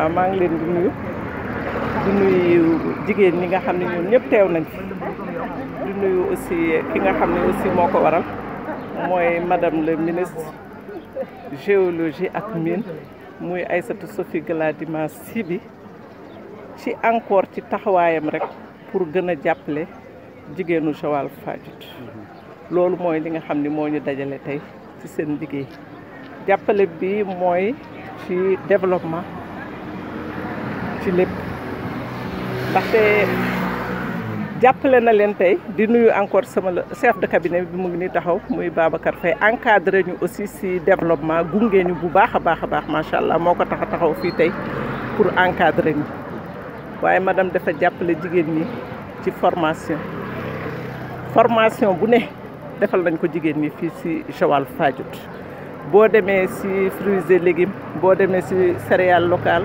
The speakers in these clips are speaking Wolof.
waaw maa ngi leen di nuyu di nuyu jigéen ñi nga xam ne ñoom ñëpp teew nañ fi di nuyu aussi ki nga xam ne aussi moo ko waral mooy madame le ministre géologie ak mine muy Aïssatou Sophie Gladima Siby ci encore ci taxawaayam rek pour gën a jàppale jigéenu Joal Fadiouth loolu mooy li nga xam ne moo ñu dajale tey ci seen liggéey jàppale bi mooy ci développement ci lépp ndaxte jàppale na leen tey di nuyu encore sama chef de cabinet bi mu ngi nii taxaw muy Babacar Faye encadré ñu aussi ci développement gunge ñu bu baax a baax a baax macha allah moo ko tax a taxaw fii tey pour encadrer ñu waaye madame dafa jàppale jigéen ñi ci formation formation bu ne defal nañ ko jigéen ñi fii ci Joal Fadiouth boo demee ci fruits et légumes boo demee ci céréales locales.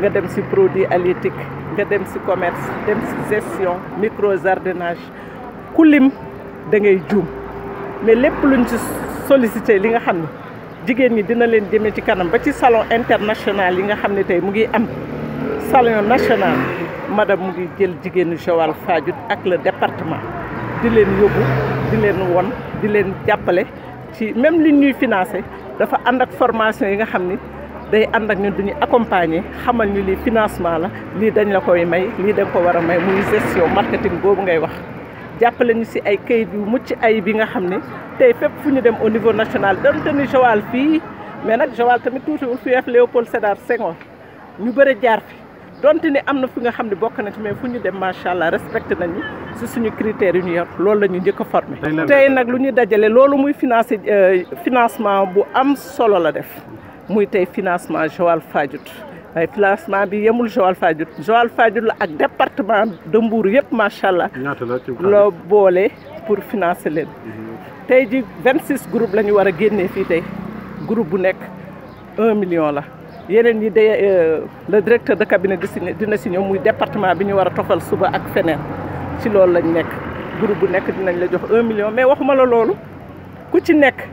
nga dem si produit halieutique nga dem si commerce dem ci gestion micro jardinage ku lim da ngay juum mais lépp luñ ci sollicité li nga xam ne jigéen ñi dina leen jëmee ci kanam ba ci salon international yi nga xam ne tey mu ngi am salon national madame mu ngi jël jigéenu Joal Fadiouth ak le département di leen yóbbu di leen won di leen jàppale ci même li ñuy financé dafa ànd ak formation yi nga xam ni day ànd ak ñun duñu accompagner xamal ñu lii financement la lii dañ la koy may lii dañ ko war a may muy gestion marketing boobu ngay wax jàppale ñu si ay kayit yu mucc ay bi nga xam ne tey fépp fu ñu dem au niveau national donte ni Joal fii mais nag Joal tamit tuutiwul fi def Léopold Sédar Senghor ñu bëri jaar fi donte ni am na fu nga xam ne bokk na ci mais fu ñu dem macha allah respecté nañu si suñu critères yu ñu yor loolu la ñu njëkk a formé. tey nag lu ñu dajale loolu muy financé euh, financement bu am solo la def. muy tey financement Joal Fadiouth ay financement bi yemul Joal Fadiouth Joal Fadiouth la ak département de Mbour yëpp macha allah. loo boole pour financer leen. Mhm. tey ji vingt 26 groupe la ñu war a génnee fii tey groupe bu nekk 1 million la yeneen yi day euh, le directeur de cabinet di si dina si ñëw muy département bi ñu war a tofal suba ak feneen ci loolu lañ nekk groupe bu nekk dinañ la jox un million mais waxuma la loolu ku ci nekk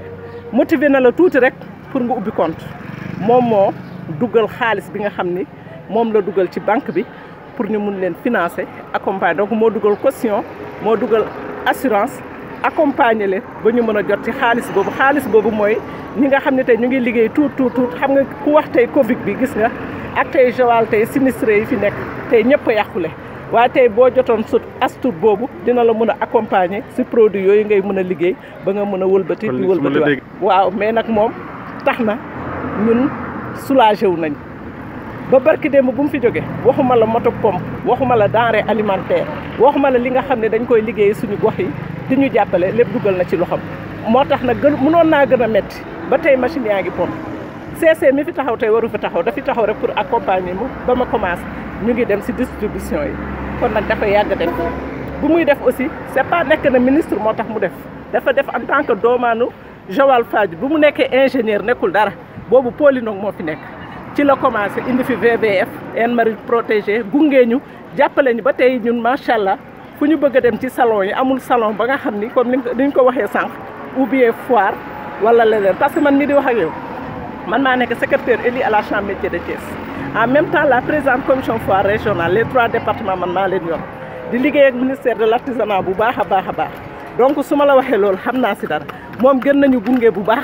motivé na la tuuti rek pour nga ubbi compte. moom moo dugal xaalis bi nga xamni mom la dugal ci banque bi pour ñu mun leen financer accompagner donc mo dugal caution mo dugal assurance accompagner leen ba ñu mën jot ci xaalis boobu xaalis boobu moy ñi nga xamni tay ñu ngi liggéey tout tout tout xam nga ku wax tay Covid bi gis nga ak tay Joal tey sinistré yi fi nek tay ñepp a yàqule waaye tey boo jotoon su astuut boobu dina la mën a accompagner si produit yooyu ngay mën a liggéey ba nga mën a wëlbati. di wëlbati waaw mais nag moom tax na. ñun soulagé wu nañ ba barki démb bu mu fi jóge waxuma la moto pompe waxuma la denrée alimentaire waxuma la li nga xam ne dañ koy liggéeyee suñu gox yi di ñu jàppale lépp dugal na ci loxam moo tax nag gën mënoon naa gën a métti ba tey machine yaa ngi pompe CC mi fi taxaw tey waru fi taxaw dafi taxaw rek pour accompagner mu ba ma commencé ñu ngi dem si distribution yi kon nag dafa yàgg def bu muy def aussi c'est pas nekk na ministre moo tax mu def dafa def en tant que doomaanu Joal Fadiouth bu mu nekkee ingénieur nekkul dara boobu Pauline mo fi nek ci la commencé indi fi VVF en mari protégé gungee ñu jàppale ñu ba tey ñun machallah allah ñu bëgg dem ci salon yi amul salon ba nga xamni comme ni ko waxé sank ou bien foire wala leneen parce que man mi di wax ak yow man ma nek secrétaire élu à la chambre métier de Thiès en même temps la présidente commission foire régionale les trois départements man ma leen yor di liggéey ak ministère de l'artisanat. bu baaxa baaxa baax donc suma la waxé lool xamna naa si dara mom gën nañu gungé bu baax.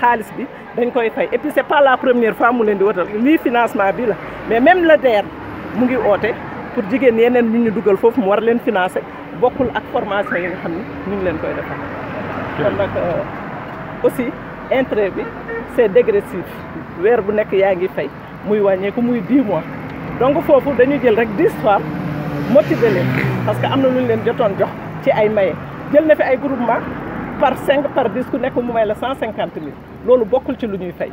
xaalis bi dañ koy fay et puis c'est pas la première fois mu leen di wëtal lii financement bi la mais même le DER mu ngi oote pour jigéen yeneen ñu ñu dugal foofu mu war leen financer bokkul ak formation yi nga xam ne ñu ngi leen koy defal kon nag euh, aussi intérêt bi c'est dégressif weer bu nekk yaa ngi fay muy wàññeeku muy 10 mois donc foofu dañu jël rek 10 fois motiver leen parce que am na lu ñu leen jotoon jox ci ay maye jël na fi ay groupement par cinq par dix ku nekk mu may la cent cinquante mille loolu bokkul ci lu ñuy fay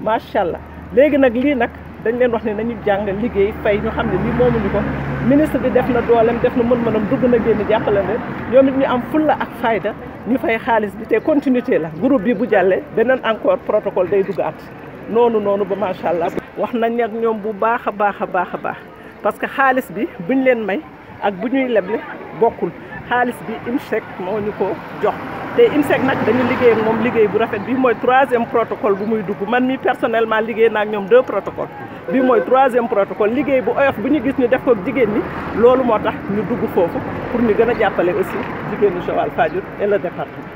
macha allah léegi nag lii nag dañ leen wax ne nañu jàng liggéey fay ñu xam ne lii moomuñu ko ministre bi def na doolem def na mën-mënam dugg na génn jàppale leen ñoom it ñu am fulla ak fayda ñu fay xaalis bi te continuité la groupe bi bu jàllee beneen encore protocol day at noonu noonu ba macha allah. wax nañ ak ñoom bu baax a baax a baax a baax parce que xaalis bi buñ leen may ak bu ñuy leble bokkul xaalis bi IMSEC moo ñu ko jox. te nak dañu liggéey ak mom liggéey bu rafet bi moy 3e protocole bu muy dugg man mi personnellement liggéey nak ñom 2 deux bi moy 3e protocole liggéey bu oyof bu ñu gis ñu def ko jigéen ni loolu motax ñu dugg fofu pour ñu gëna jappalé aussi jigéenu cheval Fadiouth et le département